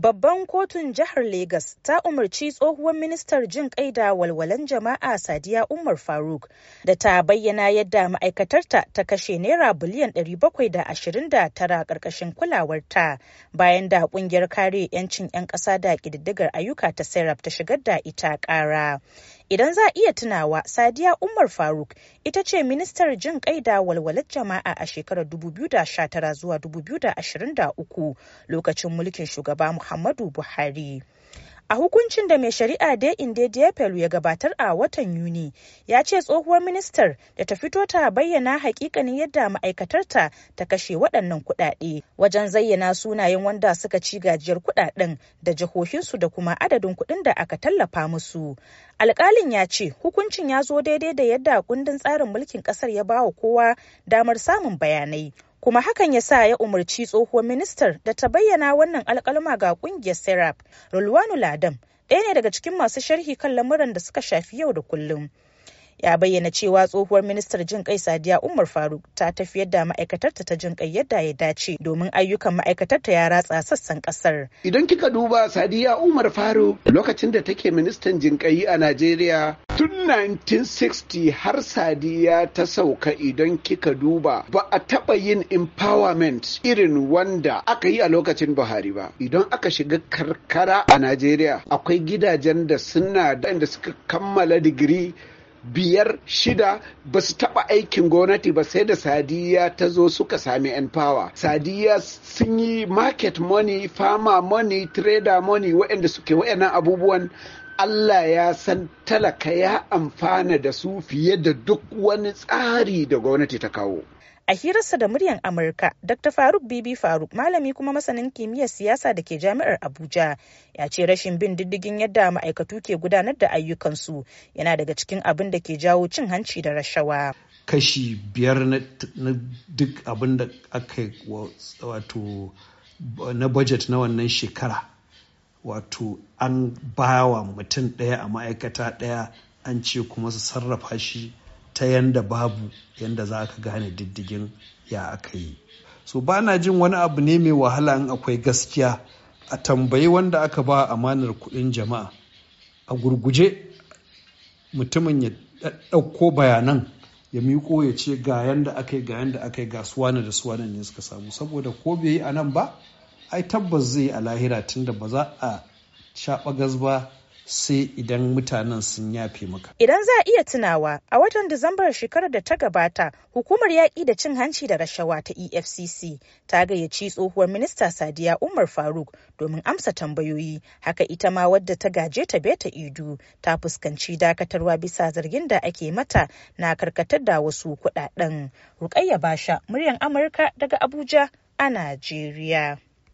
Babban kotun jihar Legas ta umarci tsohuwar ministar jin kai da walwalan jama'a Sadiya Umar Faruk da ta bayyana yadda ma'aikatarta ta kashe naira biliyan 729 karkashin kulawarta bayan da kungiyar kare 'yancin 'yan ƙasa da ƙididdigar ayyuka ta Serap ta shigar da ita ƙara. Idan za a iya tunawa, Sadiya Umar Faruk ita ce ministar jin kai da walwalar jama'a a shekarar 2019 zuwa 2023 lokacin mulkin shugaba Muhammadu Buhari. A hukuncin da mai shari'a da Inde Diapel ya gabatar a watan Yuni, ya ce tsohuwar ministar da ta fito ta bayyana hakikanin yadda ma'aikatarta ta kashe waɗannan kuɗaɗe wajen zayyana sunayen wanda suka ci gajiyar kuɗaɗen da jihohinsu da kuma adadin kuɗin da aka tallafa musu. Alƙalin ya ce hukuncin ya zo daidai da yadda kundin tsarin mulkin ƙasar ya ba wa kowa damar samun bayanai. kuma hakan ya sa ya umarci tsohuwar ministar da ta bayyana wannan alkalma ga kungiyar serap rulwanu ladam ɗaya ne daga cikin masu sharhi kan lamuran da suka shafi yau da kullum ya bayyana cewa tsohuwar ministar jin kai sadiya umar faruk ta tafiyar da ma'aikatarta ta jin kai yadda ya dace domin ayyukan ma'aikatarta ya ratsa sassan kasar idan kika duba sadiya umar faruk lokacin da take ministan jin a najeriya tun 1960 har sadiya ta sauka idan kika duba ba a taɓa yin empowerment irin wanda aka yi a lokacin buhari ba idan aka shiga karkara a najeriya akwai gidajen da suna da suka kammala digiri biyar shida ba su taɓa aikin gwamnati ba sai da sadiya ta zo suka sami yan fawa sadiya sun yi market money farmer money trader money waɗanda suke waɗannan abubuwan Allah ya san talaka ya amfana da su fiye da duk wani tsari da gwamnati ta kawo. A hirarsa da muryar Amurka, Dr. Faruk Bibi Faruk, malami kuma masanin kimiyyar siyasa da ke jami'ar Abuja, ya ce rashin bin diddigin yadda ma'aikatu ke gudanar da ayyukansu yana daga cikin abin da ke jawo cin hanci da rashawa. Kashi biyar na duk abin da aka wato na budget na wannan shekara, wato an bawa mutum ɗaya a ma'aikata ɗaya an ce kuma su sarrafa shi ta yanda babu yanda za ka gane diddigin ya aka yi so ba na jin wani abu ne mai wahala in akwai gaskiya a tambayi wanda aka ba amanar kuɗin jama'a a gurguje mutumin ya ɗauko bayanan ya miƙo ya ce ga yanda aka yi ga yanda aka yi ga suwana da suwana ne suka samu saboda ko bai yi a nan ba ai tabbas zai yi a lahira tunda ba za a shaɓa gas ba sai idan mutanen sun yafe maka. Idan za a iya tunawa a watan Disambar shekarar da ta gabata hukumar yaƙi da cin hanci da rashawa ta EFCC ta gayyaci tsohuwar minista Sadiya Umar Faruk domin amsa tambayoyi haka ita ma wadda ta gaje ta beta idu ta fuskanci dakatarwa bisa zargin da ake mata na karkatar da wasu kuɗaɗen. Rukayya Basha, muryar Amurka daga Abuja a Najeriya.